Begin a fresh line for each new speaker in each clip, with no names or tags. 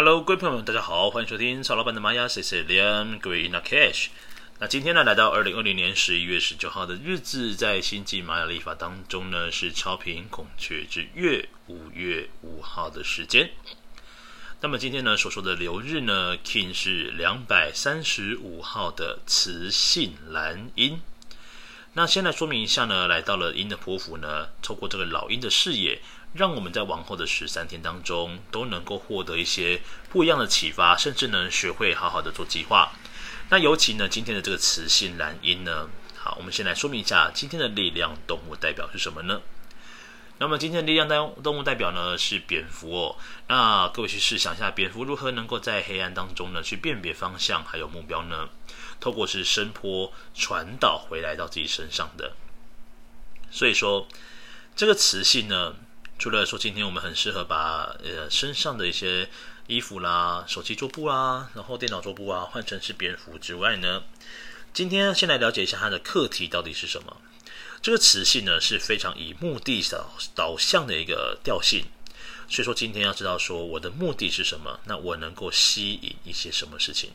Hello，各位朋友們，大家好，歡迎收聽曹老板的瑪雅 CCL，各位 In Lak'ech。那今天呢，來到二零二零年十一月十九號的日子，在星際瑪雅曆法當中呢，是超頻孔雀之月五月五號的時間。那麼今天呢，所說的流日呢，Kin 是兩百三十五號的磁性藍鷹。那先來說明一下呢，來到了鷹的波符呢，透過這個老鷹的視野，讓我們在往後的十三天當中都能夠獲得一些不一樣的啟發，甚至能學會好好的做計劃。那尤其呢，今天的這個磁性藍鷹呢，好，我們先來說明一下今天的力量動物代表是什麼呢？那麼今天的力量代動物代表呢是蝙蝠哦。那各位去試想一下，蝙蝠如何能夠在黑暗當中呢去辨別方向還有目標呢？透過是聲波傳導回來到自己身上的，所以說這個磁性呢，除了說今天我們很適合把呃身上的一些衣服啦、手機桌布啦、啊、然後電腦桌布啊換成是蝙蝠之外呢，今天要先來了解一下它的課題到底是什麼。這個磁性呢是非常以目的導導向的一個調性，所以說今天要知道說我的目的是什麼，那我能夠吸引一些什麼事情。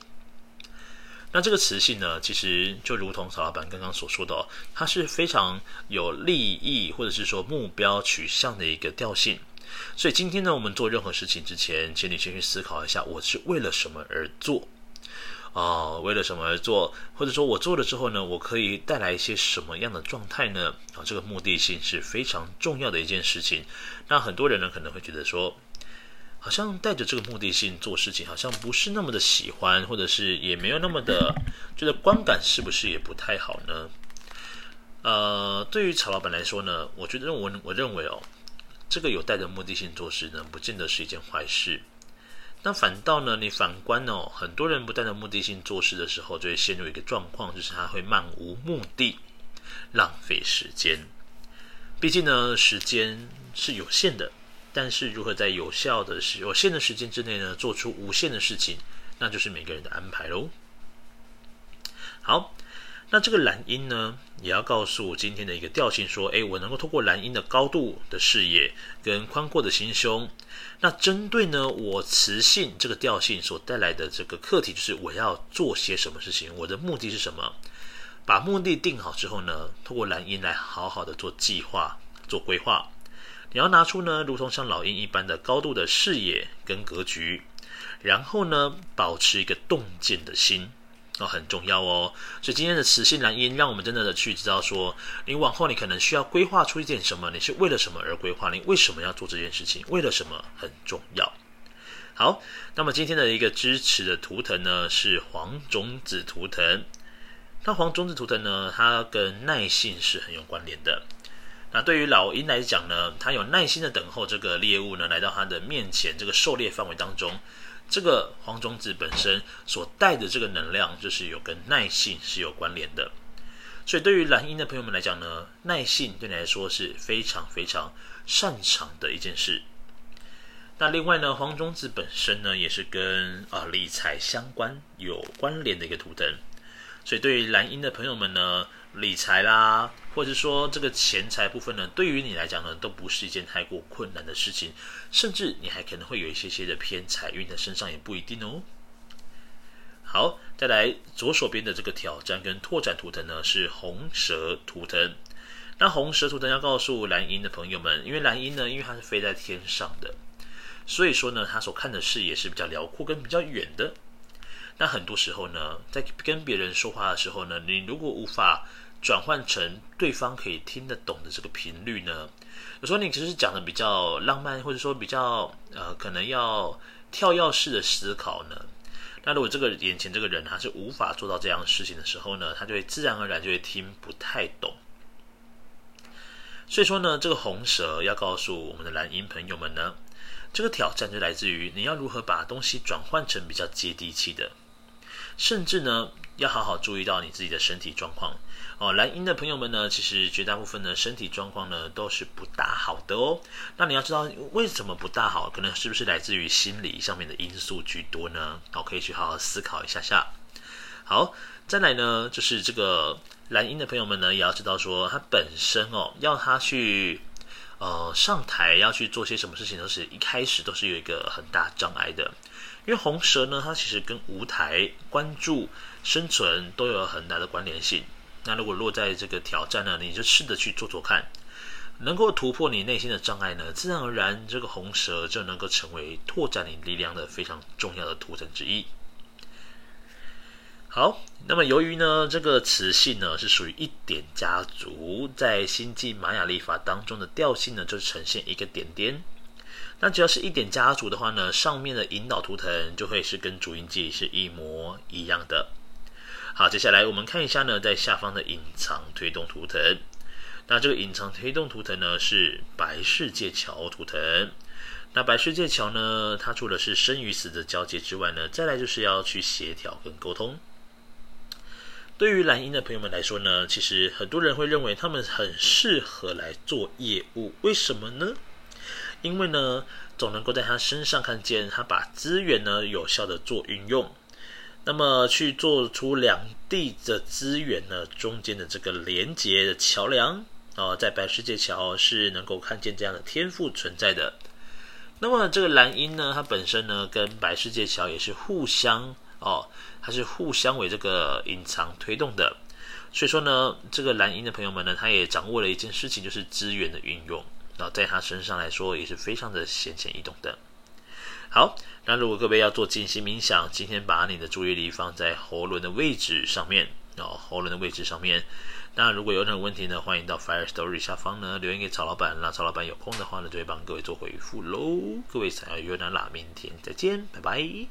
那這個磁性呢，其實就如同曹老闆剛剛所說的，哦，它是非常有利益或者是說目標取向的一個調性。所以今天呢，我們做任何事情之前，請你先去思考一下，我是為了什麼而做？啊、哦，為了什麼而做？或者說，我做了之後呢，我可以帶來一些什麼樣的狀態呢？啊、哦，這個目的性是非常重要的一件事情。那很多人呢，可能會覺得說，好像帶着這個目的性做事情，好像不是那麼的喜歡，或者是也沒有那麼的覺得觀感是不是也不太好呢？呃，對於曹老板來說呢，我覺得我我認為哦，這個有帶着目的性做事呢，不見得是一件壞事。那反倒呢，你反觀哦，很多人不帶着目的性做事的時候，就會陷入一個狀況，就是他會漫無目的，浪費時間。畢竟呢，時間是有限的。但是如何在有效的是有限的時間之內呢，做出無限的事情，那就是每個人的安排嘍。好，那這個藍鷹呢，也要告訴今天的一個調性，說，誒，我能夠透過藍鷹的高度的視野跟寬闊的心胸，那針對呢，我磁性這個調性所帶來的這個課題，就是我要做些什麼事情，我的目的是什麼？把目的定好之後呢，透過藍鷹來好好的做計劃，做規劃。你要拿出呢，如同像老鷹一般的高度的視野跟格局，然後呢，保持一個洞見的心，哦，很重要哦。所以今天的磁性藍鷹讓我們真正的去知道說，你往後你可能需要規劃出一點什麼，你是為了什麼而規劃，你為什麼要做這件事情，為了什麼很重要。好，那麼今天的一個支持的圖騰呢，是黃種子圖騰。那黃種子圖騰呢，它跟耐性是很有關聯的。那對於老鷹來講呢，它有耐心的等候這個獵物呢來到它的面前，這個狩獵範圍當中，這個黃種子本身所帶的這個能量就是有跟耐性是有關聯的。所以對於藍鷹的朋友們來講呢，耐性對你來說是非常非常擅長的一件事。那另外呢，黃種子本身呢也是跟啊理財相關有關聯的一個圖騰，所以對於藍鷹的朋友們呢，理財啦，或者說這個錢財部分呢，對於你來講呢，都不是一件太過困難的事情，甚至你還可能會有一些些的偏財運在身上也不一定哦。好，再來左手邊的這個挑戰跟拓展圖騰呢是紅蛇圖騰，那紅蛇圖騰要告訴藍鷹的朋友們，因為藍鷹呢，因為它是飛在天上的，所以說呢，它所看的視野是比較遼闊跟比較遠的。那很多時候呢，在跟別人說話的時候呢，你如果無法轉換成對方可以聽得懂的這個頻率呢，有時候你其實講的比較浪漫，或者說比較呃，可能要跳躍式的思考呢。那如果這個眼前這個人他是無法做到這樣的事情的時候呢，他就會自然而然就會聽不太懂。所以說呢，這個紅蛇要告訴我們的藍鷹朋友們呢，這個挑戰就來自於你要如何把東西轉換成比較接地氣的。甚至呢，要好好注意到你自己的身體狀況哦。藍鷹的朋友們呢，其實絕大部分呢身體狀況呢都是不大好的哦。那你要知道為什麼不大好，可能是不是來自於心理上面的因素居多呢？好、哦、可以去好好思考一下下。好，再來呢，就是這個藍鷹的朋友們呢，也要知道說他本身哦，要他去呃上台要去做些什麼事情，都是一開始都是有一個很大障礙的。因為紅蛇呢，它，其實跟舞台、關注、生存都有很大的關聯性。那如果落在這個挑戰呢，你就試着去做做看，能夠突破你內心的障礙呢，自然而然，這個紅蛇就能夠成為拓展你力量的非常重要的圖騰之一。好，那麼由於呢，這個磁性呢是屬於一點家族，在星際瑪雅曆法當中的調性呢，就是呈現一個點點。那只要是一點家族的話呢，上面的引導圖騰就會是跟主印記，是一模一樣的。好，接下來我們看一下呢，在下方的隱藏推動圖騰。那這個隱藏推動圖騰呢，是白世界橋圖騰。那白世界橋呢，它除了是生與死的交接之外呢，再來就是要去協調跟溝通。對於藍鷹的朋友們來說呢，其實很多人會認為他們很適合來做業務，為什麼呢？因為呢，總能夠在他身上看見他把資源呢有效的做運用，那麼去做出兩地的資源呢中間的這個連接的橋樑哦，在白世界橋是能夠看見這樣的天賦存在的。那麼這個藍鷹呢，它本身呢跟白世界橋也是互相哦，它是互相為這個隱藏推動的。所以說呢，這個藍鷹的朋友們呢，他也掌握了一件事情，就是資源的運用。那、哦、在他身上來說，也是非常的淺顯易懂的。好，那如果各位要做靜心冥想，今天把你的注意力放在喉輪的位置上面，哦，喉輪的位置上面。那如果有任何問題呢，歡迎到 Firstory 下方呢留言給曹老闆，讓曹老闆有空的話呢就會幫各位做回復嘍。各位想要約南啦，明天再見，拜拜。